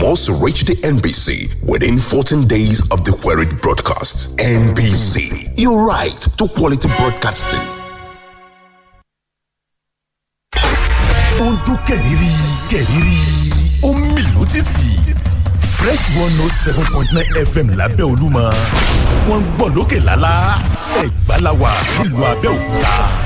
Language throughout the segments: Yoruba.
must reach the NBC within 14 days of the queried broadcast. NBC, you're right to quality broadcasting. ó ń dún kẹ̀rìírí kẹ̀rìírí fresh one oh seven point nine fm lábẹ́ olúmọ wọ́n ń gbọ́ lókè lálá ẹ̀gbá nílùú abẹ́òkúta.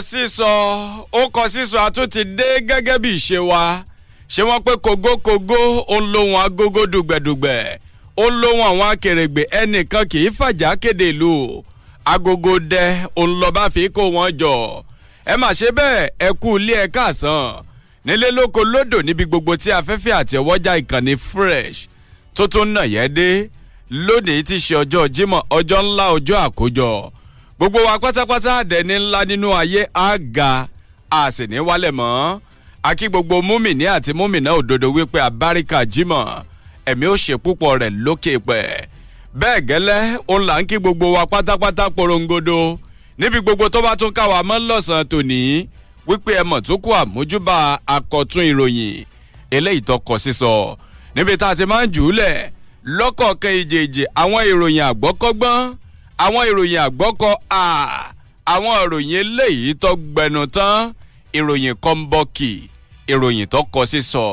kọ sísọ ó kọ sísọ àtúntì dé gẹ́gẹ́ bí ìṣe wa ṣé wọ́n pé kògókògó ó ń lóhun agógó dùgbẹ̀dùgbẹ̀ ó lóhun àwọn akèrègbè ẹnìkan kì í fàjà kéde ìlú agogo dẹ òun lọ bá fi kó wọn jọ ẹ mà ṣe bẹ́ẹ̀ ẹ kú ilé ẹ káàsán nílé lóko lódò níbi gbogbo tí afẹ́fẹ́ àti ẹ̀wọ́jà ìkànnì fresh tó tún nà yẹ́ dé lónìí ti ṣe ọjọ́ Jímọ̀ ọjọ́ ńlá ọjọ́ àkójọ gbogbo wa pátápátá àdẹni ńlá nínú ayé àga àsìní wálẹ̀ mọ́ akí gbogbo múmìnì àti múmìnà òdodo wípé àbáríkà jimọ̀ ẹ̀mí ó ṣe púpọ̀ rẹ̀ lókè pẹ̀ bẹ́ẹ̀ gẹ́lẹ́ òun là ń kí gbogbo wa pátápátá porongodo níbi gbogbo tó bá tún káwa mọ́ lọ́sàn-án tòní wípé ẹ mọ̀ tó kú àmójúbà akọ̀tún ìròyìn eléyìí tó kọ sísọ níbi tá a ti máa ń jù ú lẹ̀ lọ́kọ̀ọ̀kan ìjèèjì àwọn ìròyìn àgbọ́kọ́gbọ́n àwọn ìròyìn àgbọ́kọ àwọn ìròyìn eléyìí tó gbẹnu tán ìròyìn kọ́ńbọ́ọ̀kì ìròyìn tó kọ sísọ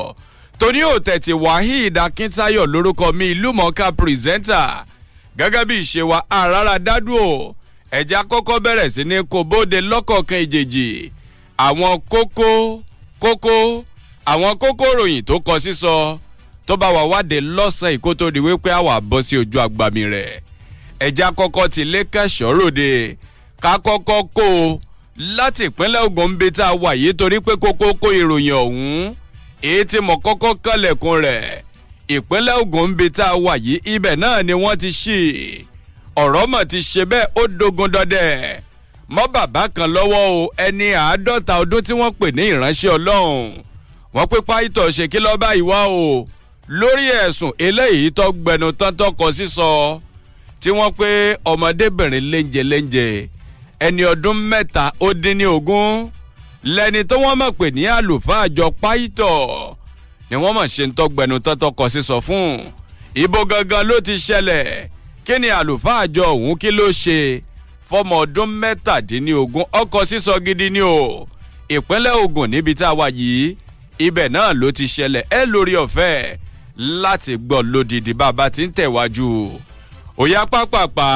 tóní òtẹ̀tì wahid akíntáyọ̀ lórúkọ mi ìlúmọ̀ọ́ká pírẹsẹ́ńtà gẹ́gẹ́ bí ìṣe wa àràrà dádùn o ẹ̀já kọ́kọ́ bẹ̀rẹ̀ sí ní kò bóde lọ́kọ̀ọ̀kan ìjèjì àwọn kókó kókó àwọn kókó ròyìn tó kọ sísọ tó bá wà wádìí lọ́sàn-án ìkótó di wípé àwa bọ́ sí ojú agbami rẹ̀ ẹ̀já kọ́kọ́ ti lẹ́kẹ̀ṣọ́ ròde ká kọ́kọ́ kó o láti ìpínlẹ̀ Ògùn ń bi tá a wà yìí torí pé kókó kó ìròyìn ọ̀hún èyí tí mo kọ́kọ́ kànlẹ̀kùn rẹ̀ ìpínlẹ̀ Ògùn ń bi tá a wà yìí ibẹ̀ náà ni wọ́n ti ṣì ọ̀rọ̀ mọ̀ ti ṣe bẹ́ẹ̀ ó dogun dọdẹ mọ́ bàbá kan lọ́wọ́ o ẹni àádọ́ta ọdún tí wọ́n pè ní ìránṣẹ́ Ọlọ́run wọ́n pé pásítọ̀ ṣèkí lọ́ba ìwá o lórí ẹ̀sùn eléyìí tó gbẹnu tán tọkọ sísọ tí wọ́n pé ọmọdébìnrin léńjẹ léńjẹ ẹni ọdún mẹ́ta ó dín ní ogún lẹ́ni tó wọ́n mọ̀ pé ní àlùfáà àjọ páìtọ̀ ni wọ́n mọ̀ ṣe ń tọ́gbẹ̀nu tọ́tọ́ kọ sísọ fún ibo gangan ló ti ṣẹlẹ̀ kí ni àlùfáà àjọ ọ̀hún kí ló ṣe fọmọ ọdún mẹ́tàdínlógún ọkọ̀ sísọ gidi ni o ìpínlẹ̀ ogun níbi tá a wà yìí ibẹ̀ náà ló ti ṣẹlẹ̀ ẹ lórí ọ̀fẹ́ láti gbọ́ lódìdí bàbá tí ń tẹ̀wájú òyà pápápá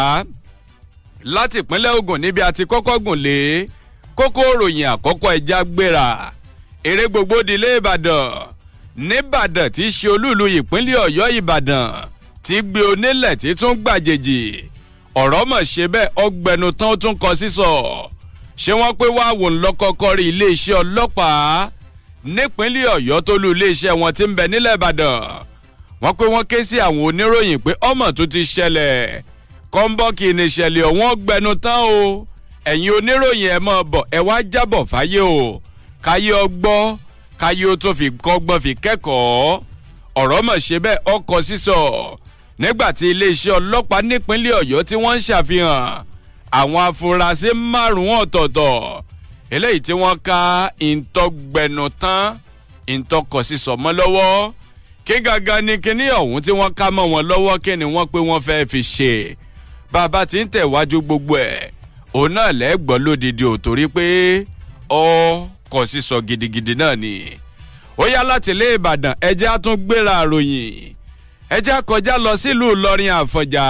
láti ìpínlẹ̀ Ògùn níbi àti kọ́kọ́ gùn lé kókó ròyìn àkọ́kọ́ ẹja gbéra eré gbogbo dilé Ìbàdàn nìbàdàn tí í ṣe olúùlú ìpínlẹ̀ Ọ̀yọ́ Ìbàdàn tí gbé onílẹ̀ tí tún gbàjèjì ọ̀rọ̀ mọ̀ ṣe bẹ́ẹ̀ ọgbẹnu tán ó tún kọ sísọ ṣé wọ́n pé wá wò ń lọ́kọ́kọ́ rí iléeṣẹ́ ọlọ́pàá nípínlẹ̀ Ọ̀yọ́ tó lu iléeṣẹ́ wọn ti ń bẹ nílẹ̀ Ìbàdàn wọ́n pé wọ́n ké sí àwọn oníròyìn pé ọmọ tó ti ṣẹlẹ̀ kọ́ńbọ́ọ̀kì níṣẹ̀lẹ̀ ọ̀hún ọgbẹ́nu tán o ẹ̀yin oníròyìn ẹ̀ mọ̀ bọ̀ ẹ̀ wá jábọ̀ fáyé o káyé ọgbọ́ káyé ó tó fi kọ́gbọ́n fi kẹ́kọ̀ọ́ ọ̀rọ̀ mọ̀ ṣe bẹ́ẹ̀ ọkọ̀ sísọ nígbà tí iléeṣẹ́ ọlọ́pàá nípínlẹ̀ ọ̀yọ́ tí wọ́n ń ṣàfihàn àwọn afurasí márùn-ún eléyìí tí wọ́n ka ìǹtọ́gbẹ̀nù tán ìǹtọ́kọ̀ sísọ mọ́ lọ́wọ́ kí gangan ni kíní ọ̀hún tí wọ́n ká mọ́ wọn lọ́wọ́ kí ni wọ́n pé wọ́n fẹ́ fi ṣe bàbá tí ń tẹ̀wájú gbogbo ẹ̀ òun náà lẹ́gbọ́n lódìdí ò torí pé ọ kò sí sọ gidigidi náà ni ó yá láti ilé ìbàdàn ẹjẹ́ á tún gbéra ròyìn ẹjẹ́ á kọjá lọ sílùú ìlọrin àfọ̀njá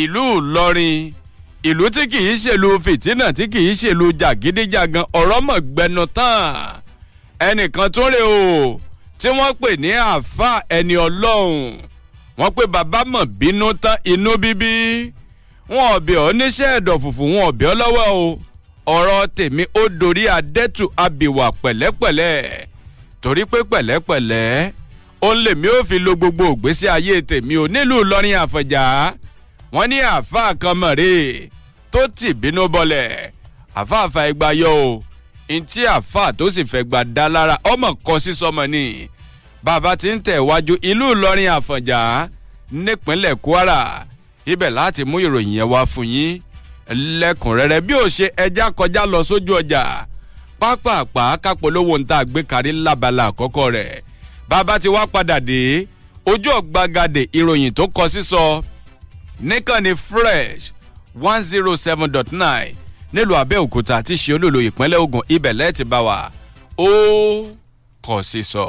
ìlú ìlọrin ìlú tí kì í ṣèlú fìtínà tí kì í ṣèlú jàgídíjàgan ọ̀rọ̀ mọ̀ tán ẹnìkan tún rè o tí wọ́n pè ní àáfà ẹni ọlọ́run wọ́n pé bàbá mọ̀ bínú tán inú bíbí wọn ọ̀bẹ ọ níṣẹ́ ẹ̀dọ̀ fùfù wọn ọ̀bẹ ọ lọ́wọ́ o ọ̀rọ̀ tèmi ó dorí adẹ́tù abìwà pẹ̀lẹ́pẹ̀lẹ́ torí pé pẹ̀lẹ́pẹ̀lẹ́ ó ń lèmi ó fi lo gbogbo ògbésí ayé tèmi ò nílùú lọ́rin àfọ̀jà wọ́n ní àáfàá kan mọ̀rẹ́ tó tì bínú bọlẹ̀ àfáàfà ìgbà yọ o ntí àáfà tó sì fẹ́ gbà dá lára ọmọ kọ sí sọmọ ni bàbá ti ń tẹ̀ wájú ìlú ìlọrin àfọ̀njá nípínlẹ̀ kwara ibẹ̀ láti mú ìròyìn yẹn wá fún yín lẹ́kùnrẹ́rẹ́ bí ó ṣe ẹja kọjá lọ sójú ọjà pápápá kápolówó ń tà gbé lábala àkọ́kọ́ rẹ̀ bàbá ti wá padà dé ojú ọ̀gbagadè ìròyìn tó kọ sísọ nìkan ni fresh one zero seven dot nine nílùú Abẹ́òkúta tí ṣe olólo ìpínlẹ̀ Ògùn ibẹ̀ lẹ́ẹ̀tì bá wà ó kọ̀ sí sọ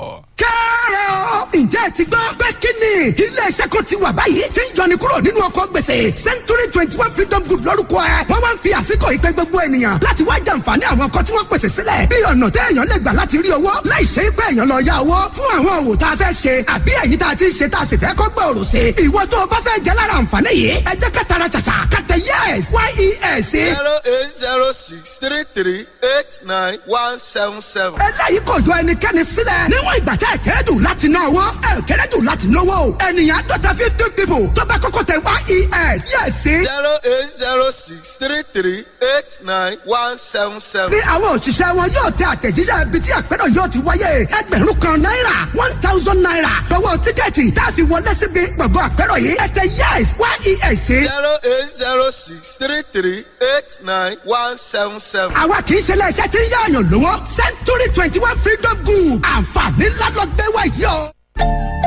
ǹjẹ́ ẹ ti gbọ́ pé kí ni ilé iṣẹ́ kò ti wà báyìí tí ń yọni kúrò nínú ọkọ̀ gbèsè century twenty one freedom group lórúkọ ẹ̀ wọ́n wá ń fi àsìkò ìpè gbogbo ènìyàn láti wá jàǹfààní àwọn ọkọ̀ tí wọ́n pèsè sílẹ̀ bí ọ̀nà téèyàn lè gbà láti rí owó láì ṣe pé èèyàn lọ yá owó fún àwọn òwò tá a fẹ́ ṣe àbí èyí tá a ti ṣe tá a sì fẹ́ kó gbòòrò sí ìwọ tó o bá fẹ́ jẹ́ lára àǹfààní yìí ẹ jẹ́ ká tara ṣàṣà kàtẹ yes yes. zero eight zero six three three eight nine one seven seven. eléyìí kò yọ ẹnikẹ́ni sílẹ̀ níwọ̀n ìgbà tẹ́ ẹ̀kẹ́ dùn láti ná owó wọ́n ẹ̀ kéré jù láti náwó o ènìyàn dọ́ta fifty people tó bá kọ́kọ́ tẹ e yes yes. zero eight zero six three three eight nine one seven seven. bí àwọn òṣìṣẹ́ wọn yóò tẹ àtẹ̀jíṣẹ́ ibi tí àpérò yóò ti wáyé ẹgbẹ̀rún kan náírà one thousand naira lọ́wọ́ tíkẹ́ẹ̀tì tá a fi wọlé síbi gbọ̀ngàn àpérò yìí ẹ tẹ yes yes. zero eight zero six three three eight nine one seven seven. àwa kì í ṣe iléeṣẹ́ tí ń yáàyàn lówó century twenty one freedom group àǹfààní ńlá lọ gbé wá yìí o. Bye.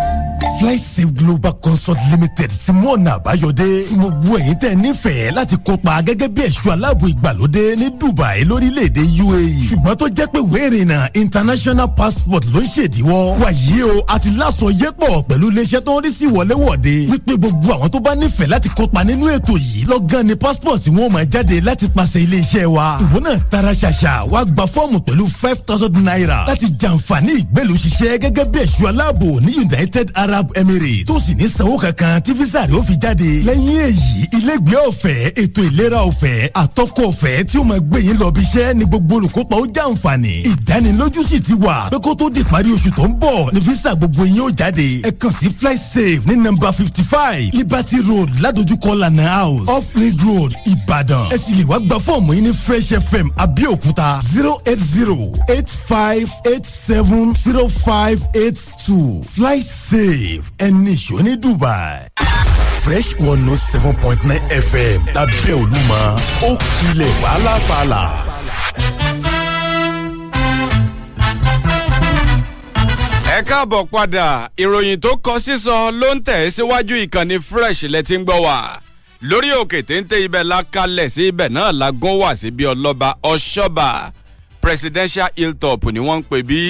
flysafe global consult limited Simona mú ọ̀nà àbáyọdé fún gbogbo ẹ̀yin tẹ́ nífẹ̀ẹ́ láti kópa gẹ́gẹ́ bí ẹ̀ṣọ́ aláàbò ìgbàlódé ní dubai lórílẹ̀‐èdè uae ṣùgbọ́n tó jẹ́ pé wéèrèna international passport ló ń ṣèdíwọ́ wàyí o àti láṣọ yẹ́pọ̀ pẹ̀lú iléeṣẹ́ tó ń rí sí wọléwọ̀de wípé gbogbo àwọn tó bá nífẹ̀ẹ́ láti kópa nínú ètò yìí lọ́gán ni passport wọn máa jáde láti pàṣẹ iléeṣẹ́ wa ìwọ náà tara ṣàṣà wá gba fọ́ọ̀mù pẹ̀lú five thousand naira láti jàǹfààní ìgbélùṣiṣẹ́ gẹ́gẹ́ bí ẹ̀ṣọ́ aláàbò ní united arab Emirates tó sì ní sanwó kankan tí visa rẹ̀ ó fi jáde. lẹ́yìn èyí ilégbèé ọ̀fẹ́ ètò ìlera ọ̀fẹ́ àtọ́kọ̀ ọ̀fẹ́ tí ó máa gbé yín lọ bí iṣẹ́ ni gbogbo olùkópa ó jàǹfààní. ìdánilójú sì ti wà pé kó tó di parí oṣù tó ń bọ̀ ni visa gbogbo yín ó jáde. ẹ kàn sí flysafe ní nọ́mbà fifty five Liberty Road ládojúkọ lana house off road Ìbàdàn. ẹ sì lè wá gba fọ́ọ̀mù yín ní Fresh FM Abẹ́òkúta zero eight zero eight five eight seven zero five eight two flysafe live ẹni ṣó Dubai. Fresh one note oh seven point nine FM lábẹ́ Olúmọ ó kilẹ̀ fàlàfàlà. ẹ káàbọ̀ padà ìròyìn tó kọ sísọ ló ń tẹ̀ síwájú ìkànnì Fresh lẹ ti ń gbọ́ wá lórí òkè téńté ibẹ̀ la kalẹ̀ sí ibẹ̀ náà la gún wá sí bí ọlọ́ba ọ̀ṣọ́ba presidential hilltop ni wọ́n ń pè bí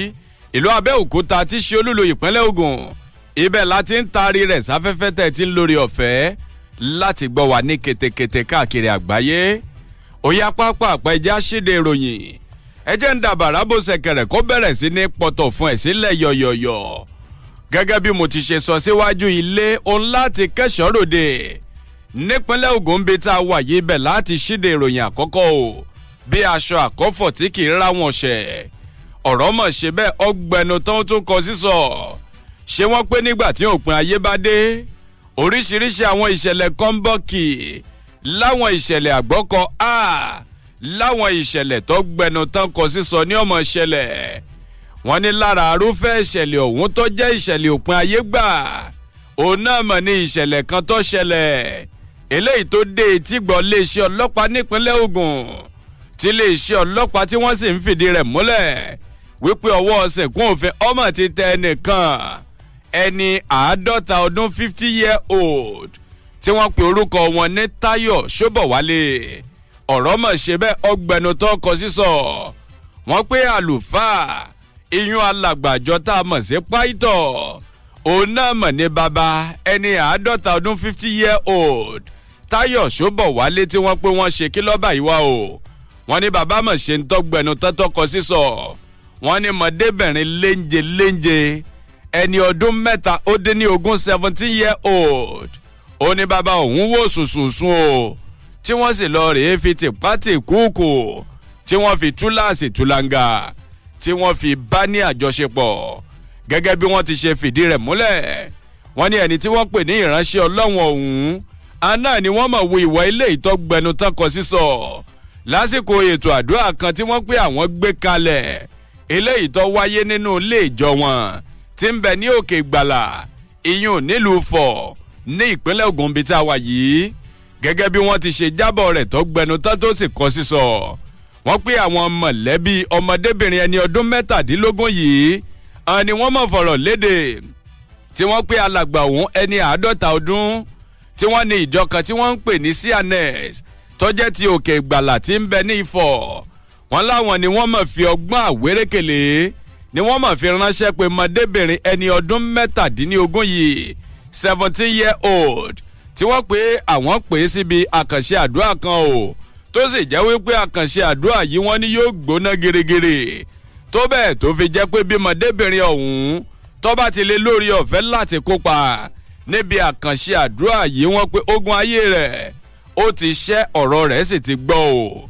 ìlú Abẹ́òkúta tí ṣe olúlo ìpínlẹ̀ Ògùn ibẹ̀ láti ń taari rẹ̀ sáfẹ́fẹ́ tẹ̀ tí ń lórí ọ̀fẹ́ láti gbọ́ wà ní ketekete káàkiri àgbáyé òyà pápá àpẹjá ṣíde ìròyìn ẹjẹ́ ń dàbàrà bó ṣẹ̀kẹ̀rẹ̀ kó bẹ̀rẹ̀ sí ní pọ̀tọ̀ fún ẹ̀ sílẹ̀ yọ̀yọ̀yọ̀ gẹ́gẹ́ bí mo ti ṣe sọ síwájú ilé òun láti kẹ́sọ̀ ròde nípínlẹ̀ Ògùn bíi tá a wà yìí bẹ̀ láti ṣíde ìròyìn àkọ́kọ́ o bí aṣọ àkọ́fọ̀ tí kì í ra ṣẹ̀ ọ̀rọ̀ mọ̀ ṣe bẹ́ẹ̀ ọgbẹ̀nu tán tún kọ sísọ. So ṣé wọ́n pé nígbà tí òpin ayé bá dé oríṣiríṣi àwọn ìṣẹ̀lẹ̀ kan ń bọ̀ kì láwọn ìṣẹ̀lẹ̀ àgbọ́kọ a láwọn ìṣẹ̀lẹ̀ tó gbẹnu tán kọ sísọ ní ọmọ ìṣẹ̀lẹ̀ wọ́n ní lára arúfẹ́ ìṣẹ̀lẹ̀ ọ̀hún tó jẹ́ ìṣẹ̀lẹ̀ òpin ayé gbà òun náà mọ̀ ní ìṣẹ̀lẹ̀ kan tó ṣẹlẹ̀ eléyìí tó dé etí gbọ́ iléeṣẹ́ ọlọ́pàá nípínlẹ̀ Ògùn tí iléeṣẹ́ ọlọ́pàá tí wọ́n sì ń fìdí rẹ̀ múlẹ̀ wípé ọwọ́ ọ̀sẹ̀ kún òfin ọmọ ti tẹ ẹnìkan ẹni àádọ́ta ọdún fifty year old tí wọ́n pe orúkọ wọn ní Táyọ̀ Ṣóbọ̀wálé ọ̀rọ̀ mọ̀ ṣe bẹ́ẹ̀ ọgbẹ̀nu tó kọ sísọ wọ́n pé àlùfáà iyún alàgbàjọ tá a mọ̀ sí pàìtọ̀ òun náà mọ̀ ní baba ẹni àádọ́ta ọdún fifty year old tayo Ṣóbọ̀wálé tí wọ́n pé wọ́n ṣe kí lọ́ba ìwà o wọ́n ní baba mọ̀ ṣe ń tọ́gbẹ̀nu tọ́tọ́ kọ sísọ wọ́n ní mọ̀débìnrin léńje léńje ẹni ọdún mẹ́ta ó dín ní ogún seventeen year old ó ní bàbá òun wò sùnsùnsùn o tí wọ́n sì lọ rèé fi tìpátì kúùkù tí wọ́n fi túláàsì túláǹgà tí wọ́n fi bá ní àjọṣepọ̀ gẹ́gẹ́ bí wọ́n ti ṣe fìdí rẹ̀ múlẹ̀ wọ́n ní ẹni tí wọ́n pè ní ìránṣẹ́ ọlọ́run ọ̀hún aná ni wọ́n mọ̀ wo ìwà ilé ìtọ́gbẹnu tán kọ sísọ lásìkò ètò àdúrà kan tí wọ́n pé àwọn gbé kalẹ̀ eléyìí tó wáyé nínú ilé ìjọ wọn tí ń bẹ ní òkè ìgbàlà ìyún nílùú fọ̀ ní ìpínlẹ̀ Ògùn bíi tá a wà yìí gẹ́gẹ́ bí wọ́n ti ṣe jábọ̀ rẹ̀ tó gbẹnu tán tó sì kọ́ sísọ wọ́n pé àwọn mọ̀lẹ́bí ọmọdébìnrin ẹni ọdún mẹ́tàdínlógún yìí ni wọ́n mọ̀ fọ̀rọ̀ léde tí wọ́n pé alàgbà òun ẹni àádọ́ta ọdún tí wọ́n ní ìjọ kan tí wọ́n ń pè ní cns tó ti òkè ìgbàlà tí ń bẹ ní Ifọ̀ wọ́n láwọn ni wọ́n mọ̀ fi ọgbọ́n àwérékèlé ni wọ́n máa fi ránṣẹ́ pé mọ̀débìnrin ẹni ọdún mẹ́tàdínlógún yìí seventeen year old tí wọ́n pé àwọn pè é síbi àkànṣe àdúrà kan o tó sì jẹ́ wípé àkànṣe àdúrà yìí wọ́n ní yóò gbóná gírígírí tó bẹ́ẹ̀ tó fi jẹ́ pé bí mọ̀débìnrin ọ̀hún tó bá ti lè lórí ọ̀fẹ́ láti kópa níbi àkànṣe àdúrà yìí wọ́n pé ogun ayé rẹ̀ ó ti ṣẹ́ ọ̀rọ̀ rẹ̀ sì ti gbọ́ o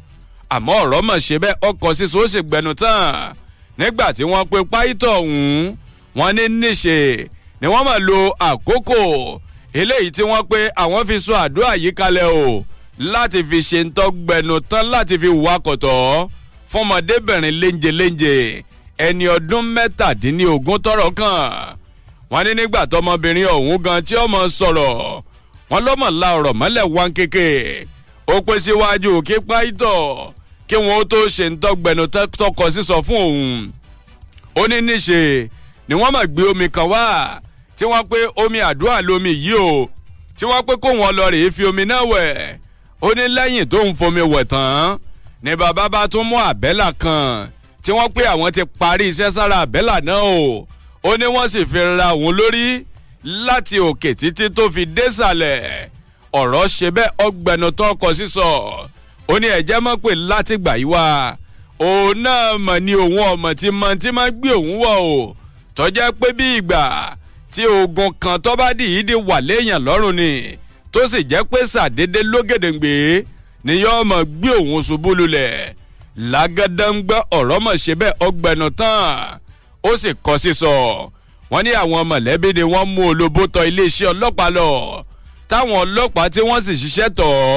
àmọ́ ọ̀rọ̀ mọ̀ ṣe bẹ́ẹ̀ ọkọ̀ sísun ó sì gbẹnu tán nígbà tí wọ́n pe páìtọ̀ ọ̀hún wọ́n ní níṣe ni wọ́n máa lo àkókò eléyìí tí wọ́n pe àwọn fi sọ àdúrà yìí kalẹ̀ o láti fi ṣe ń tọ́gbẹ̀nu tán láti fi wakọ̀tọ̀ fọmọdébìnrin léńjeléńje ẹni ọdún mẹ́tàdínlógún tọrọ kàn wọ́n ní nígbà tọmọbìnrin ọ̀hún gan tí ọmọ sọ̀rọ̀ wọ́n lọ́mọ̀ la ọ̀rọ̀ mọ́lẹ̀ wọn kéke ó pèsè wájú kí páìtọ̀ kí wọn ó tó ṣe ń tọgbẹnu tọkọ sísọ fún òun ó ní níṣe ni wọ́n máa gbé omi kan wá tí wọ́n pé omi àdúrà lomi yìí o tí wọ́n pé kóun ọlọ rèé fi omi náà wẹ̀ ó ní lẹ́yìn tó ń fomi wẹ̀ tán ni bàbá bá tún mú àbẹ́là kan tí wọ́n pé àwọn ti parí iṣẹ́ sára àbẹ́là náà o ó ní wọ́n sì fi ra òun lórí láti òkè títí tó fi désàlẹ̀ ọ̀rọ̀ ṣe bẹ́ẹ̀ ọgbẹ̀nù tó kọ sísọ. So ó ní ẹ̀jẹ̀ mọ̀ pé látìgbà yìí wá òun náà mọ̀ ni òun ọmọ tí mọ tí máa gbé òun wọ̀ o tọ́jẹ́ pé bí ìgbà tí oògùn kan tó bá dì í di wà léèyàn lọ́rùn ni tó sì jẹ́ pé sàdédé lógèdèǹgbè ni yóò mọ̀ gbé òun ṣubú lulẹ̀ lágádángbá ọ̀rọ̀ mọ̀ ṣe bẹ́ẹ̀ ọgbẹ̀nu tán ó sì kọ́ sísọ wọ́n ní àwọn mọ̀lẹ́bí ni wọ́n mú olóbó iléeṣẹ́ ọlọ́pàá lọ táwọn ọlọ́pàá tí wọ́n sì ṣiṣẹ́ tọ̀ ọ́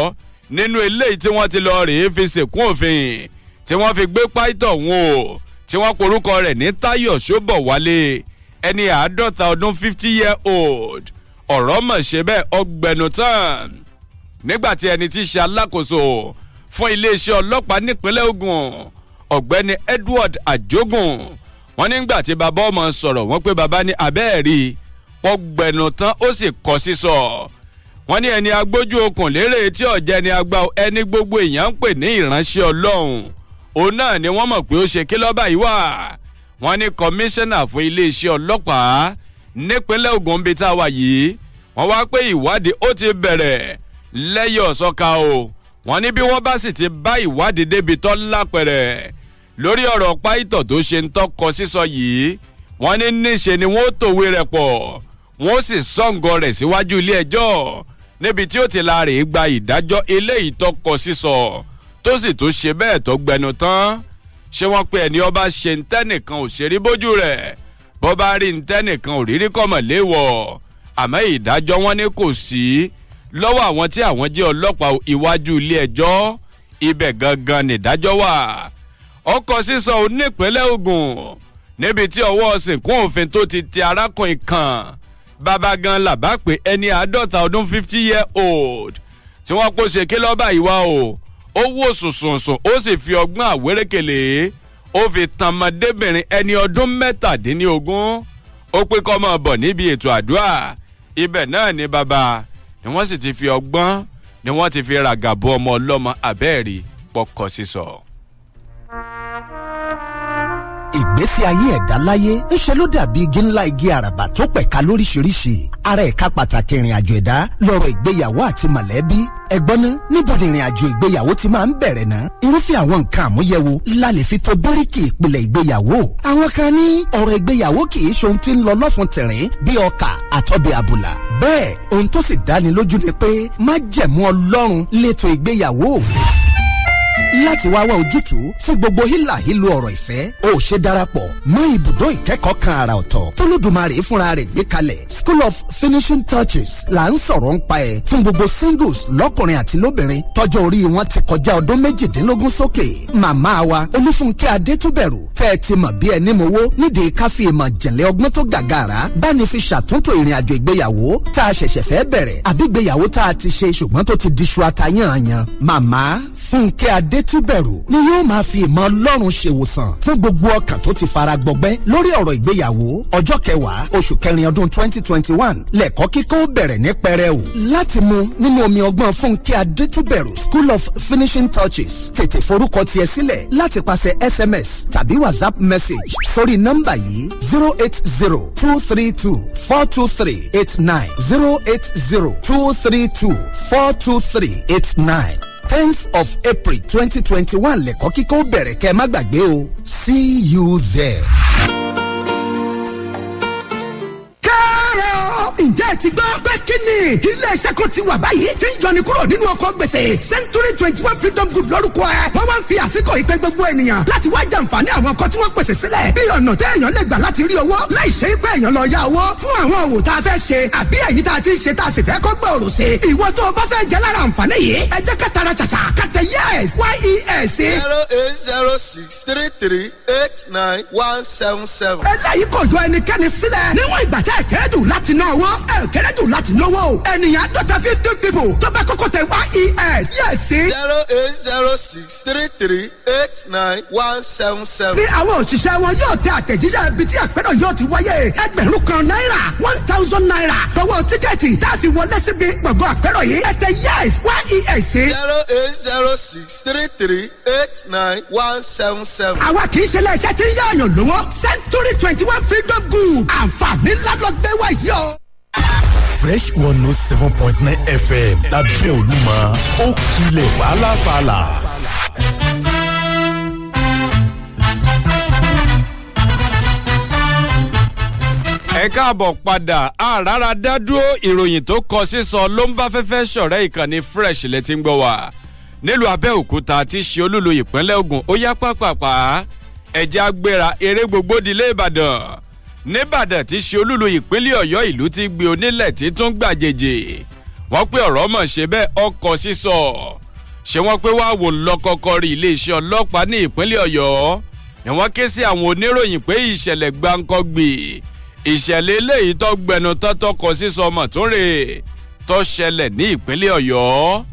nínú eléyìí tí wọ́n ti lọ rèé fi sìnkún òfin tí wọ́n fi gbé pító wọn o tí wọ́n porúkọ rẹ̀ ní Táyọ̀ Ṣóbọ̀wálé ẹni àádọ́ta ọdún fifty year old ọ̀rọ̀ mọ̀ ṣe bẹ́ẹ̀ ọgbẹ̀nu tán nígbàtí ẹni tí í ṣe alákòóso fún iléeṣẹ́ ọlọ́pàá nípínlẹ̀ Ògùn ọ̀gbẹ́ni Edward Ajogun wọ́n nígbà tí bàbá ọmọ sọ̀rọ̀ wọ́n pé bàbá ní abẹ́ẹ̀rí ọgbẹ̀nu tán ó sì kọ́ sísọ wọ́n ní ẹni agbójú okùn lérè tí ọ̀jẹ̀ ni agbá ẹni gbogbo èèyàn ń pè ní ìránṣẹ́ ọlọ́run òun náà ni wọ́n mọ̀ pé ó ṣe kí lọ́ba yìí wà wọ́n ní kọmíṣánná fún iléeṣẹ́ ọlọ́pàá nípínlẹ̀ ogun bíi tá a wà yìí wọ́n wá pé ìwádìí ó ti bẹ̀rẹ̀ lẹ́yìn ọ̀sọ́ka o wọ́n ní bí wọ́n bá sì ti bá ìwádìí débi tọ́ lápẹ̀rẹ̀ lórí ọ̀rọ̀ páìtọ̀ tó ṣe ń tọkọ sísọ yìí wọ́n ní níṣe ni wọ́n ó tòwe rẹ̀ pọ̀ wọ́n ó sì sọ̀ǹgọ̀ rẹ̀ síwájú ilé ẹjọ́ níbi tí ó ti la rèé gba ìdájọ́ eléyìí tó kọ sísọ tó sì tó ṣe bẹ́ẹ̀ tó gbẹnu tán ṣé wọ́n pe ẹni ọba ṣe ń tẹ́nìkan ò ṣe rí bójú rẹ̀ bó bá rí ń tẹ́nìkan ò rírí kọ̀mọ̀ léwọ̀ àmọ́ ìdájọ́ wọn ni kò sí lọ́wọ́ àwọn tí àwọn jẹ́ ọlọ́pàá iwájú ilé ẹjọ́ ibẹ̀ gangan nìdájọ́ wà ọkọ̀ sísọ onípínlẹ̀ Ògùn níbi tí ọwọ́ sìnkún òfin tó ti ti arákùnrin kan bàbá gan làbá pé ẹni àádọ́ta ọdún fifty year old tí wọ́n kó ṣe ké lọ́ba ìwà o ó wò sùnsùnsùn ó sì fi ọgbọ́n àwérékèlè ó fi tànmọ́débìnrin ẹni ọdún mẹ́tàdínlógún ó pé kọ́ mọ̀ bọ̀ níbi ètò àdúrà ibẹ̀ náà ni bàbá ni wọ́n sì ti fi ọgbọ́n ni wọ́n ti fi ràgàbọ̀ ọmọ ọlọ́mọ abẹ́ẹ̀rí pọkọ sísọ. So. ìgbésí ayé ẹ̀dá láyé ńṣe ló dàbí igi ńlá igi àràbà tó pẹ̀ka lóríṣiríṣi ara ẹ̀ka pàtàkì ìrìnàjò ẹ̀dá lọ́rọ̀ ìgbéyàwó àti mọ̀lẹ́bí ẹ̀gbọ́n níbo ni ìrìnàjò ìgbéyàwó ti máa ń bẹ̀rẹ̀ ná irúfẹ́ àwọn nǹkan àmúyẹ̀wò la lè fi tó bíríkì ìpìlẹ̀ ìgbéyàwó àwọn kan ní ọ̀rọ̀ ìgbéyàwó kì í ṣe ohun tí ń lọ lọ́fun tìrín bí ọkà àtọ́bẹ̀ àbùlà bẹ́ẹ̀ ohun tó sì dáni lójú ni pé májẹ̀mú ọlọ́run létò ìgbéyàwó láti wá wá ojútùú fún gbogbo hílàhílo ọ̀rọ̀ ìfẹ́ o ṣe darapọ̀ mọ́ ibùdó ìkẹ́kọ̀ọ́ kan àrà ọ̀tọ̀ tólódùmarè fúnra rẹ̀ gbé kalẹ̀ school of finishing touches là ń sọ̀rọ̀ ń pa ẹ̀ fún gbogbo singles lọ́kùnrin àti lóbìnrin tọ́jọ́ orí wọn ti kọjá ọdún méjìdínlógún sókè màmá wa olúfúnkẹ́ adétúbẹ̀rù tẹ́ ẹ ti mọ̀ bí ẹni mowó nídìí ká fi ìmọ̀ jìnlẹ̀ ọgbọ́n tó gàgàrà bá ní fi ṣàtúntò ìrìn àjò ìgbéyàwó tá a ṣẹ̀ṣẹ̀ fẹ́ bẹ̀rẹ̀ àbí ìgbéyàwó tá a ti ṣe ṣùgbọ́n tó ti diṣu atayanyan màmá fúnkẹ́ adétúbẹ̀rù túbẹ̀rù ni yóò máa fi ìmọ̀ ọlọ́run ṣe ìwòsàn fún gbogbo ọkàn tó ti fara gbọgbẹ́ lórí ọ̀rọ̀ ìgbéyàwó ọjọ́ kẹwàá oṣù kẹrin ọdún twenty twenty kíkọ́ bẹ̀rẹ̀ ní pẹrẹu láti mu nínú omi ọgbọ́n fúnkẹ́ adétúbẹ̀rù school of finishing touches tètè forúkọ tiẹ̀ sílẹ̀ láti pàṣẹ sms tàbí whatsapp message sórí nọ́mbà yìí 08023242389 08023242389 four two three eight nine. tenth of April twenty twenty one lẹ́kọ́ kíkọ́ bẹ̀rẹ̀ kẹ́ ẹ má gbàgbé o see you there. ti gbọ́ pé kí ni iléeṣẹ́ kan ti wà báyìí ti ń jọni kúrò nínú ọkọ̀ gbèsè century twenty one freedom group lórúkọ ẹ̀ wọ́n wá ń fi àsìkò ìpè gbogbo ènìyàn láti wá jàǹfààní àwọn ọkọ̀ tí wọ́n pèsè sílẹ̀ bí ọ̀nà téèyàn lè gbà láti rí owó láì ṣe pé èèyàn lọ yá owó fún àwọn òwò tá a fẹ́ ṣe àbí èyí tá a ti ṣe tá a sì fẹ́ kó gbòòrò sí ìwọ tó o bá fẹ́ jẹ lára àǹfààní yìí ẹ jẹ́ ká tara ṣàṣà kàtẹ yes yes. zero eight zero six three three eight nine one seven seven. eléyìí kò yọ ẹnikẹ́ni sílẹ̀ níwọ̀n ìgbà tẹ́ ẹ̀kẹ́ dùn láti ná owó ẹ̀k kéré jù láti lówó o ènìyàn dọ́ta fifty people tó bá kọ́kọ́ tẹ e yes yes. zero eight zero six three three eight nine one seven seven. ní àwọn òṣìṣẹ́ wọn yóò tẹ àtẹ̀jíṣẹ́ ibi tí àpérò yóò ti wáyé ẹgbẹ̀rún kan náírà one thousand naira lọ́wọ́ tíkẹ́ẹ̀tì tá a fi wọlé síbi gbọ̀ngàn àpérò yìí ẹ tẹ yes yes. zero eight zero six three three eight nine one seven seven. àwa kì í ṣe iléeṣẹ́ tí ń yáàyàn lówó century twenty one freedom good àǹfààní ńlá lọ gbé wá yìí o. Fresh one note oh seven point nine FM lábẹ́ Olúmọ ó kilẹ̀ fàlàfàlà. ẹ káàbọ̀ padà àràrà dádúró ìròyìn tó kọ sísọ ló ń bá fẹ́fẹ́ ṣọ̀rẹ́ ìkànnì Fresh lẹ́tí ń gbọ́ wa nílùú Abẹ́òkúta ti ṣe olúlo ìpínlẹ̀ ogun ó yá pàpàpà ẹ̀jẹ̀ agbéra eré gbogbo dilé Ìbàdàn nìbàdàn tí ṣe olúlu ìpínlẹ̀ ọ̀yọ́ ìlú ti gbé onílẹ̀ tí tún gbàjèjì wọ́n pé ọ̀rọ̀ mọ̀ ṣe bẹ́ẹ̀ ọkọ̀ sísọ ṣé wọ́n pé wàá wò lọ́kọ̀ọ̀kọ̀ rí iléeṣẹ́ ọlọ́pàá ní ìpínlẹ̀ ọ̀yọ́ ni wọ́n ké sí àwọn oníròyìn pé ìṣẹ̀lẹ̀ gbáǹkọ́gbì ìṣẹ̀lẹ̀ eléyìí tó gbẹnu tọ́tọ́ kọ sísọ ọmọ tó rè tó ṣẹlẹ̀ ní ìpínlẹ̀ ọ̀yọ́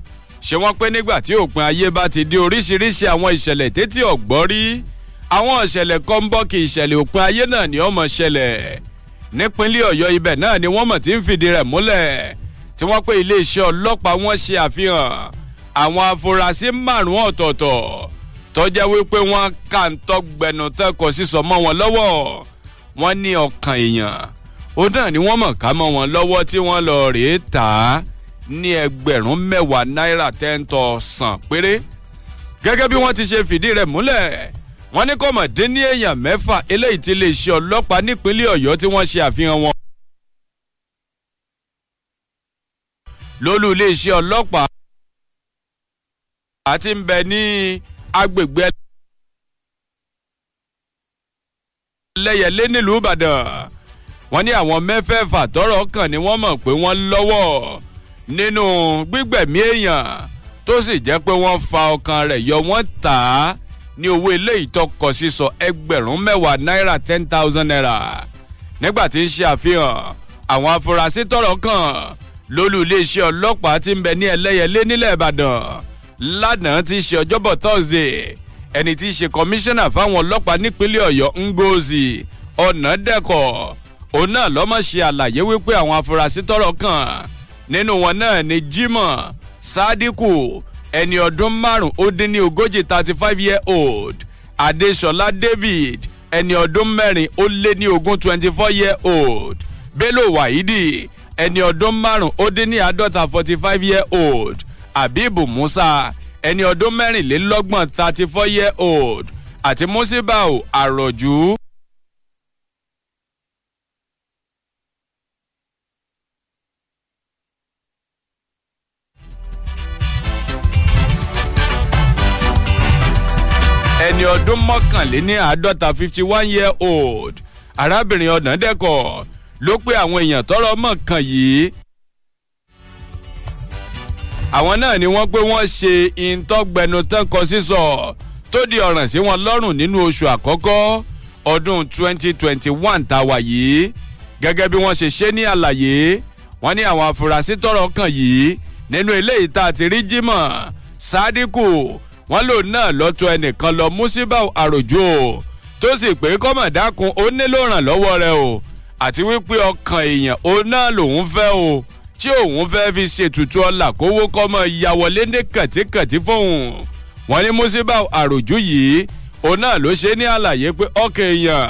ṣé wọ́n pé nígbà tí òpin ayé bá ti di oríṣiríṣi àwọn ìṣẹ̀lẹ̀ tètè ọ̀gbọ́n rí àwọn ìṣẹ̀lẹ̀ kan ń bọ́ kí ìṣẹ̀lẹ̀ òpin ayé náà ni ó ṣẹlẹ̀ nípínlẹ̀ ọ̀yọ́ ibẹ̀ náà ni wọ́n mọ̀ tí ń fìdí rẹ̀ múlẹ̀ tí wọ́n pé iléeṣẹ́ ọlọ́pàá wọn ṣe àfihàn àwọn afurasí márùn-ún ọ̀tọ̀ọ̀tọ̀ tó jẹ́ wípé wọ́n kà ń tọ́gbẹ̀nù tán kò sí sọ mọ́ wọn lọ́wọ́ wọ́n ní ọkàn èèyàn ó náà ni wọ́n mọ̀ ká mọ́ wọn lọ́wọ́ tí wọ́n lọ rèé tà á ní ẹgbẹ̀rún mẹ́wàá náírà tẹ́ńtọ̀ sàn péré gẹ́gẹ́ bí wọ́n ti ṣe fìdí rẹ̀ múlẹ̀ wọ́n ní kò mọ̀ dín ní èèyàn mẹ́fà eléyìí ti lè ṣe ọlọ́pàá nípínlẹ̀ ọ̀yọ́ tí wọ́n ṣe àfihàn wọn. lólú iléeṣẹ́ ọlọ́pàá àti ń bẹ ní agbègbè ẹlẹ́yẹlé nílùú ìbàdàn wọ́n ní àwọn mẹ́fẹ̀ẹ̀fà tọ́rọ̀ kàn ni wọ́n mọ̀ pé wọ́n lọ́wọ́ nínú gbígbẹ̀mí èèyàn tó sì jẹ́ pé wọ́n fa ọkàn rẹ̀ yọ wọ́n tà ní owó ilé ìtọkọ sísọ ẹgbẹ̀rún mẹ́wàá náírà ten thousand naira nígbà tí ń ṣe àfihàn àwọn afurasí tọ́rọ̀ kàn lólú iléeṣẹ́ ọlọ́pàá tí ń bẹ ní ẹlẹ́yẹlé nílẹ̀ ìbàdàn lánàá ti ṣe ọjọ́bọ̀ thursday ẹni tí í ṣe kọmíṣánná fáwọn ọlọ́pàá nípínlẹ̀ ọ̀yọ́ ngozi ọ̀nàdẹ́kọ̀ òun náà lọ́mọ ṣe àlàyé wípé àwọn afurasí tọ́rọ̀ kàn nínú wọn náà ni jimoh sadiku ẹni ọdún márùn ó dín ní ogójì thirty five year old adesola david ẹni ọdún mẹ́rin ó lé ní ogún twenty four year old bello waidi ẹni ọdún márùn ó dín ní àádọ́ta forty five year old abibu musa ẹni ọdún mẹ́rìnlélọ́gbọ̀n thirty four year old àti musibau àròjù ẹni ọdún mọ́kànléníàádọ́ta fifty one year old arábìnrin ọ̀nàdẹ́kọ̀ ló pé àwọn èèyàn tọrọ mọ̀ kàn yìí àwọn náà ni wọ́n pé wọ́n ṣe ìtọ́gbẹnután kọ sísọ tó di ọ̀ràn sí wọn lọ́rùn nínú oṣù àkọ́kọ́ ọdún twenty twenty one tá a wà yìí gẹ́gẹ́ bí wọ́n ṣe ṣe ní àlàyé wọ́n ní àwọn afurasí tọrọ kàn yìí nínú ilé ìta àti rí jimoh sadiku wọ́n lò náà lọ́tọ̀ ẹnìkan lọ Musibau Àròjò o tó sì pé kọ́mọ̀dákun ó nílò ìrànlọ́wọ́ rẹ o àti wípé ọkàn èèyàn ó náà lòun fẹ́ o tí òun fẹ́ fi ṣètùtù ọlà kówó kọ́mọ ya wọlé ní kàtíkàtí fóun wọ́n ní Musibau Àròjò yìí òun náà ló ṣe ní àlàyé pé ọkàn èèyàn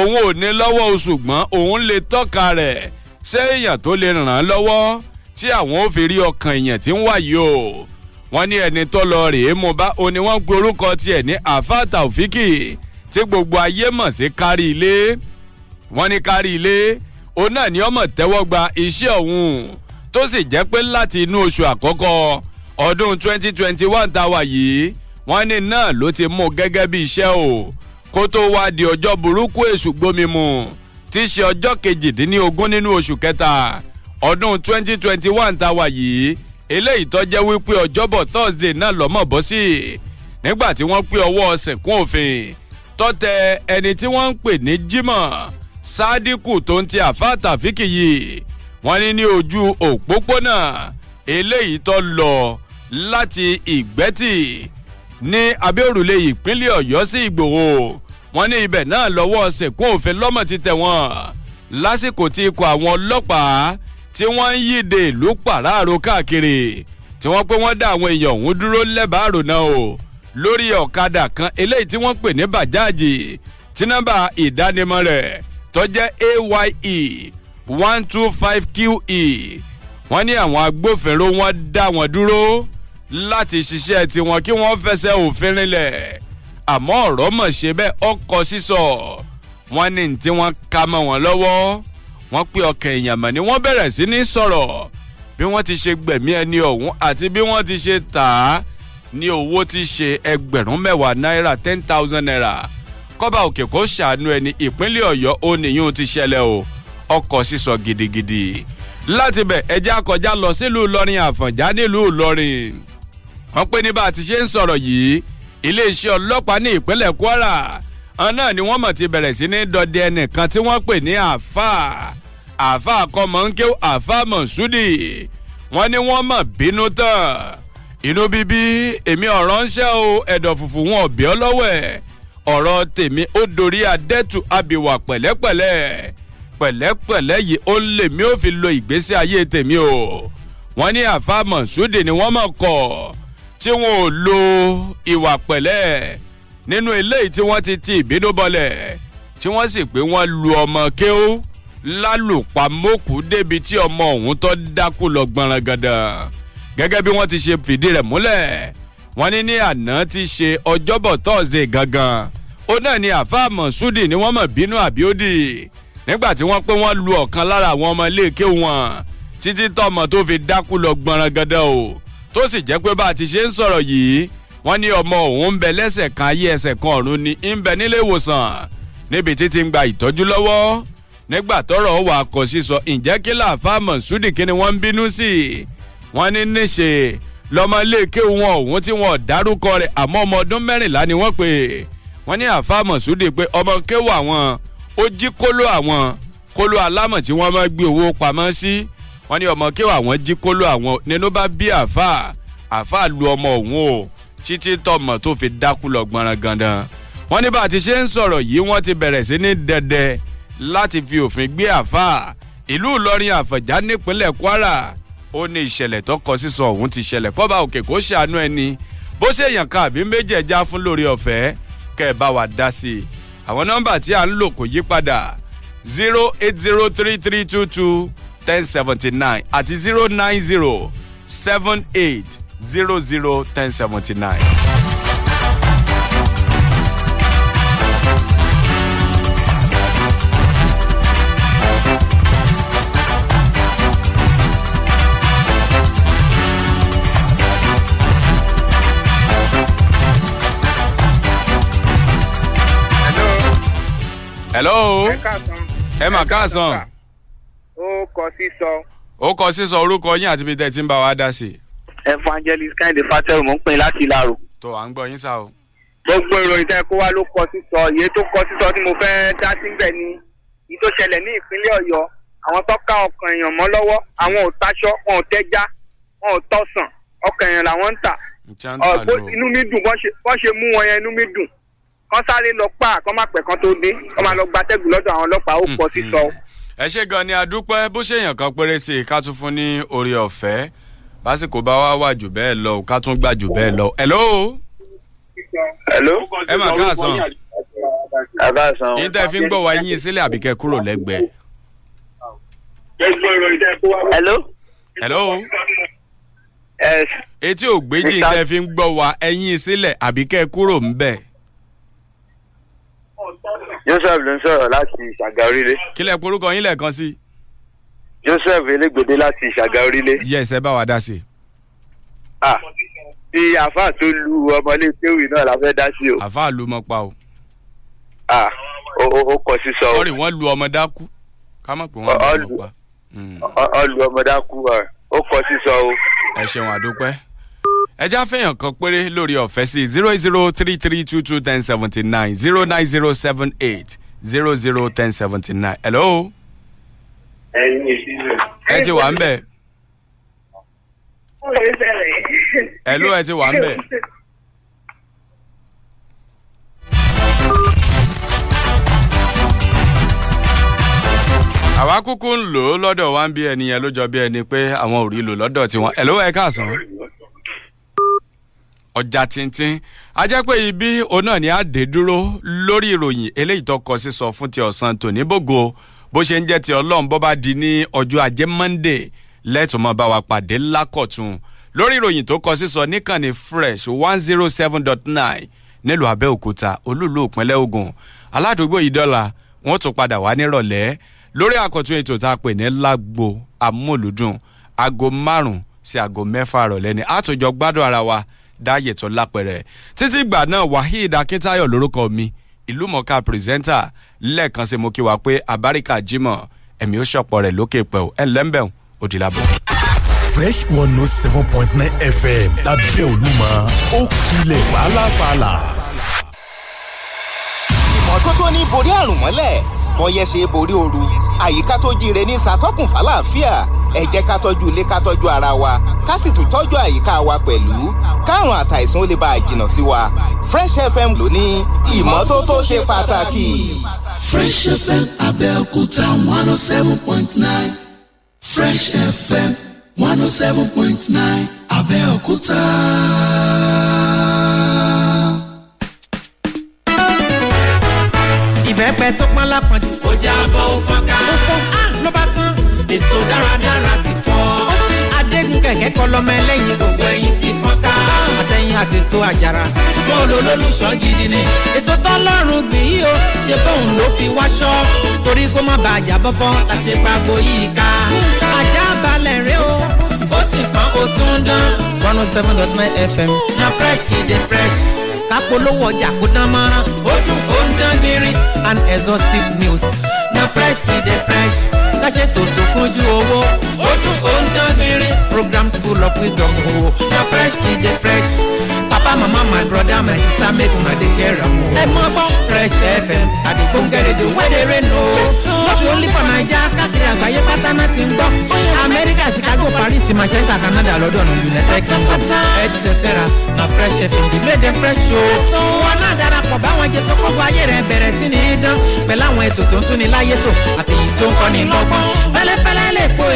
òun ò ní lọ́wọ́ o ṣùgbọ́n òun lè tọ́ka rẹ̀ ṣé èèyàn tó lè ràn án lọ́wọ́ tí àwọn ò fi rí ọkàn èèyàn tí ń wà yìí o wọ́n ní ẹni tó lọ rèé mú bá o ni wọ́n gborúkọ tiẹ̀ ní àfáà Taofiki tí gbogbo ayé mọ̀ sí kárí ilé wọ́n ní kárí ilé òun náà ni ọmọ tẹ́wọ́ gba iṣẹ́ ọ̀hún tó sì jẹ́ pé láti inú oṣù àkọ́kọ́ ọdún 2021 táwa yìí wọ́n ní náà ló ti mú gẹ́gẹ́ bí iṣẹ́ o kó tó wá di ọjọ́ burúkú èṣù gbómimu tí ṣe ọjọ́ kejìdínlógún nínú oṣù kẹta ọdún 2021 táwa yìí eléyìí tó jẹ́ wípé ọjọ́bọ̀ thursday náà lọ́mọ̀ bọ́ sí i nígbà tí wọ́n pé ọwọ́ sìnkún òfin tọ́tẹ ẹni tí wọ́n ń pè ní jimoh sadiku tó ń ti àfa tàfíkì yìí wọ́n ní ní ojú òpópónà eléyìí tó lọ láti ìgbẹ́tì ní abẹ́òrùlé ìpínlẹ̀ ọ̀yọ́ sí ìgbòho wọ́n ní ibẹ̀ náà lọ́wọ́ sìnkún òfin lọ́mọ̀ ti tẹ̀ wọ́n lásìkò tí ikọ̀ àwọn ọlọ́pàá tí wọ́n ń yíde ìlú pàráàrò káàkiri tí wọ́n pé wọ́n dá àwọn èèyàn ọ̀hún dúró lẹ́bàá àrònà o lórí ọ̀kadà kan eléyìí tí wọ́n pè ní bàjáàjì tí nọ́mbà ìdánimọ̀ rẹ̀ tó jẹ́ AYE one two five QE wọ́n ní àwọn agbófinró wọ́n dá wọn dúró láti ṣiṣẹ́ tiwọn kí wọ́n fẹsẹ̀ òfin rinlẹ̀ àmọ́ ọ̀rọ̀ mọ̀ ṣe bẹ́ẹ̀ ọkọ̀ sísọ wọ́n ní tí wọ́n ka mọ́ wọn lọ́wọ́ wọ́n pé ọkàn èèyàn mọ̀ ni wọ́n bẹ̀rẹ̀ sí ní sọ̀rọ̀ bí wọ́n ti ṣe gbẹ̀mí ẹni ọ̀hún àti bí wọ́n ti ṣe tà á ní owó ti ṣe ẹgbẹ̀rún mẹ́wàá náírà ten thousand naira kọ́ba òkè kó ṣàánú ẹni ìpínlẹ̀ ọ̀yọ́ ó nìyún ti ṣẹlẹ̀ o ọkọ̀ sísọ gidigidi láti bẹ̀ ẹjẹ́ akọjá lọ sílùú ìlọrin àfọ̀njá nílùú ìlọrin wọ́n pé ní bá a ti ṣe ń sọ̀rọ̀ yìí iléeṣẹ́ ọlọ́pàá ní ìpínlẹ̀ kwara àwọn náà ni wọ́n mọ̀ ti bẹ̀rẹ̀ sí ní dọdẹ ẹnìkan tí wọ́n pè ní àáfàá àáfàá kọmọǹkéw àáfàá mọ̀súdì wọ́n ní wọ́n mọ̀ bínú tán inú bíbí èmi ọ̀rọ̀ ń ṣẹ́ o ẹ̀dọ̀ fùfù wọn ọ̀bẹ ọlọ́wẹ̀ ọ̀rọ̀ tèmi ó dorí adẹ́tù abìwà pẹ̀lẹ́pẹ̀lẹ́ pẹ̀lẹ́pẹ̀lẹ́ yìí ó lè mí ó fi lo ìgbésí ayé tèmi o wọ́n ní àáfàá mọ̀súdì ni wọ́n mọ̀ kọ̀ tí wọn ò lo ìwà pẹ̀lẹ́ nínú eléyìí tí wọ́n ti ti ìbínú bọlẹ̀ tí wọ́n sì pé wọ́n lu ọmọ kéwú lálùpàmọ́kù débi tí ọmọ ọ̀hún tó dákú lọ gbọ̀nràn gàdàn gẹ́gẹ́ bí wọ́n ti ṣe fìdí rẹ̀ múlẹ̀ wọ́n ní ní àná ti ṣe ọjọ́bọ̀ tọ́sídẹ̀ẹ́ gangan ó náà ni àfáà mọ̀súdì ni wọ́n mọ̀ bínú àbíódì nígbà tí wọ́n pé wọ́n lu ọ̀kan lára àwọn ọmọ iléeké wọn títí tọmọ tó fi dákú lọ gbọ̀nràn gàdàn o tó sì jẹ́ pé bá a ti ṣe ń sọ̀rọ̀ yìí wọ́n ní ọmọ òun ń bẹ lẹ́sẹ̀ kan ayé ẹsẹ̀ kan ọ̀run ni ń bẹ nílé ìwòsàn níbi títí ń gba ìtọ́jú lọ́wọ́ nígbà tọ́rọ̀ wà kò sísọ ǹjẹ́ kí làáfà mọ̀súdì kí ni wọ́n ń bínú sí i wọ́n ní níṣe lọ́mọ iléeké wọn òun tí wọ́n dárúkọ rẹ̀ àmọ́ ọmọ ọdún mẹ́rìnlá ni wọ́n pè wọ́n ní àáfà mọ̀súdì pé ọmọ kéwọ́ àwọn ó jí kóló àwọn kóló alámọ̀ tí wọ́n máa gbé owó pamọ́ sí wọ́n ní ọmọ kéwọ́ àwọn jí kóló àwọn nínú bá bí àáfà àáfà lu ọmọ òun o títí tọmọ tó fi dákú lọ gbọ̀nràn gandan wọ́n ní bá a ti ṣe ń sọ̀rọ̀ yìí wọ́n ti bẹ̀rẹ̀ sí ní dẹdẹ láti fi òfin gbé àáfàá ìlú Ìlọrin Àfọ̀njá nípínlẹ̀ Kwara ó ní ìṣẹ̀lẹ̀ tó kọ sísọ ọ̀hún ti ṣẹlẹ̀ kọ́ba òkè kó ṣàánú ẹni bó ṣe èèyàn kan àbí méjì fún lórí ọ̀fẹ́ kẹ́ ẹ bá wa dá sí i àwọn nọ́mbà tí à ń lò kò yí padà zero eight zero three three two two ten seventy nine àti zero nine zero seven eight zero zero ten seventy nine. hello ẹ mà káàsán. ó kọ sísọ. ó kọ sísọ orúkọ yín àti bíi tẹ́ ẹ ti ń bá wa dá sí i evangelist kẹ́hìndé fàtẹ́rù mò ń pè láti ìlàrò. tó à ń gbọ́ yín sá o. gbogbo ìròyìn tẹ́ kó wá ló kọ sísọ iye tó kọ sísọ tí mo fẹ́ dá síbẹ̀ ni iye tó ṣẹlẹ̀ ní ìpínlẹ̀ ọ̀yọ́ àwọn tó ká ọkàn èèyàn mọ́ lọ́wọ́ àwọn ò taṣọ wọn ò tẹ́já wọn ò tọ̀sán ọkàn èèyàn làwọn ń tà. inú mi dùn bọ́n ṣe mú wọn yẹn inú mi dùn kán sáré lọ pa kán má pẹ́ kán tó dé kán má lọ gbatẹ́gùn lọ́dọ̀ àwọn ọlọ́pàá ó kọ sísọ. Hmm. ẹ ṣe gan ni a dúpẹ́ bó ṣèyàn kan péré sí i ká tún fún ní oore ọ̀fẹ́ básìkò bá wá wà jù bẹ́ẹ̀ lọ ká tún gbà jù bẹ́ẹ̀ lọ. hello. hello. ẹ mà káàsán. àbáṣan. yín tẹ́ fi ń gbọ́ wá yín sílẹ̀ àbíkẹ́ kúrò lẹ́gbẹ̀ẹ́. hello. hello. etí ògbéjì tẹ́ fi ń gbọ́ wá ẹ̀yìn sílẹ̀ àbíkẹ́ kúrò ń bẹ̀. Joseph ló ń sọ̀rọ̀ láti Ṣàgárí lé. kílẹ̀ porúkọ yín lẹ́ẹ̀kan sí i. Joseph Elégbèdé láti Ìṣàgà Orílẹ̀. yes ẹ bá wa dá sí i. ah ti àáfàá tó lu ọmọlé tẹ́wì náà la fẹ́ dá sí o. àáfàá ló mọ pa o. ah o kọ sísọ o. sọ́ọ̀rì wọ́n lu ọmọ dákú ká mọ̀ pé wọ́n lu ọmọ pa. Hmm. ọ lu ọmọ dákú o kọ sísọ o. ẹ ṣeun àdúpẹ́ ẹjá fẹ̀yàn kan péré lórí ọ̀fẹ́ sí zero zero three three two two ten seventy nine zero nine zero seven eight zero zero ten seventy nine hello ẹ̀yin ìṣirò. ẹ ti wà ń bẹ̀. ó lè ṣẹlẹ̀. ẹ ló ẹ ti wà ń bẹ̀. àwa kúkú ń lò ó lọ́dọ̀ wa ń bí ẹni yẹn ló bí ẹni pé àwọn ò rí lò lọ́dọ̀ tiwọn ẹ̀ ló ẹ káàsán ọjà tíntín a jẹ́ pé ibi òun náà ni a dé dúró lórí ìròyìn eléyìí tó kọ sí sọ fún ti ọ̀sán tòní bògo bó ṣe ń jẹ́ ti ọlọ́run bó bá di ní ọjọ́ ajé monday lẹ́tọ̀ọ́ mọ́ bá wa pàdé lákọ̀tún lórí ìròyìn tó kọ sísọ níkànnì fresh one zero seven dot nine nílùú abẹ́òkúta olúùlú ìpínlẹ̀ ogun aládùúgbò ìdọ́là wọ́n tún padà wá nírọ̀lẹ́ lórí àkọ́tún ètò tá a pè ní lágbo amúlùdùn aago márùn sí aago mẹ́fà rọ̀lẹ́ ni àtòjọ gbádùn ara wa dáyè tó lápẹ̀rẹ̀ títí ìgbà náà wahid akíntáyọ̀ lórúkọ mi ìlúmọ̀ọ́ká pírẹsẹ́ńtà lẹ́ẹ̀kan sí mo kí wa pé abáríkà jimoh ẹ̀mí ó ṣọ̀pọ̀ rẹ̀ lókè pẹ̀ ẹ̀ lẹ́ńbẹ̀ẹ́ òdìlábọ̀. fresh one note oh seven point nine fm lábẹ́ olúmọ ó kilẹ̀ fàlàfàlà. ìmọ́tótó ní borí àrùn mọ́lẹ̀ mọ́yẹ́sẹ̀ borí ooru àyíká tó jíire ní ṣàtọ́kùn fàlàáfíà ẹ ká tọ́jú ilé ká tọ́jú ara wa ká sì tún tọ́jú àyíká wa pẹ̀lú káàrùn àtàìsàn ó lè bá a jìnnà sí wa Fresh FM ló ní ìmọ́tótó ṣe pàtàkì. Fresh FM Abẹ́òkúta one oh seven point nine Fresh FM one oh seven point nine Abẹ́òkúta. ìbẹ́pẹ tó pọ́n lápọ̀jù. ó já bọ́ ó fọ́nká. ó fọ́n á ló bá tán. èso dáradára ti fọ́. ó ṣe adégún kẹ̀kẹ́ kọ́ lọ́mọ ẹlẹ́yin. gbogbo ẹyin ti fọ́nká. àtẹ̀yìn àti èso àjàrà. bọ́ọ̀lù olólùṣọ́ gidi ni. èso tọ́lọ́run gbìn yìí o ṣe bóun ló fi wáṣọ. torí kó má bàa jábọ́ fọ́ la ṣe pàgbo yìí ká. àjà balẹ̀ rẹ o ó sì pọ́n ó tún dán. one oh seven dot nine fm na fresh e dey fresh. kápolówó ọjà kó dán mọ́rán. ó dùn ó gangiri and exotic news na fresh e dey fresh káṣe tòótọ́ kójú owó ojú òun gangiri programs full of wisdom o na fresh e dey fresh papa mama my brother my sister make una dey hear am o. ẹ mọ gbọ́ fresh fm àdìgbòǹgẹ̀ rédíò wey dey rain o. no be only for naija káàkiri àgbáyé pátá náà ti ń gbọ́. amẹ́ríkà chicago paris manchester canada london united kingdom etc na fresh fm dey make dem fresh o darapọ̀ báwọn jẹ sọ́kọ́gbọ́ ayé rẹ̀ bẹ̀rẹ̀ sí ní dán pẹ̀lú àwọn ètò tó ń súni láyé tò àti tó ń kọ́ni lọ́gbọ́n fẹ́lẹ́fẹ́lẹ́ lè po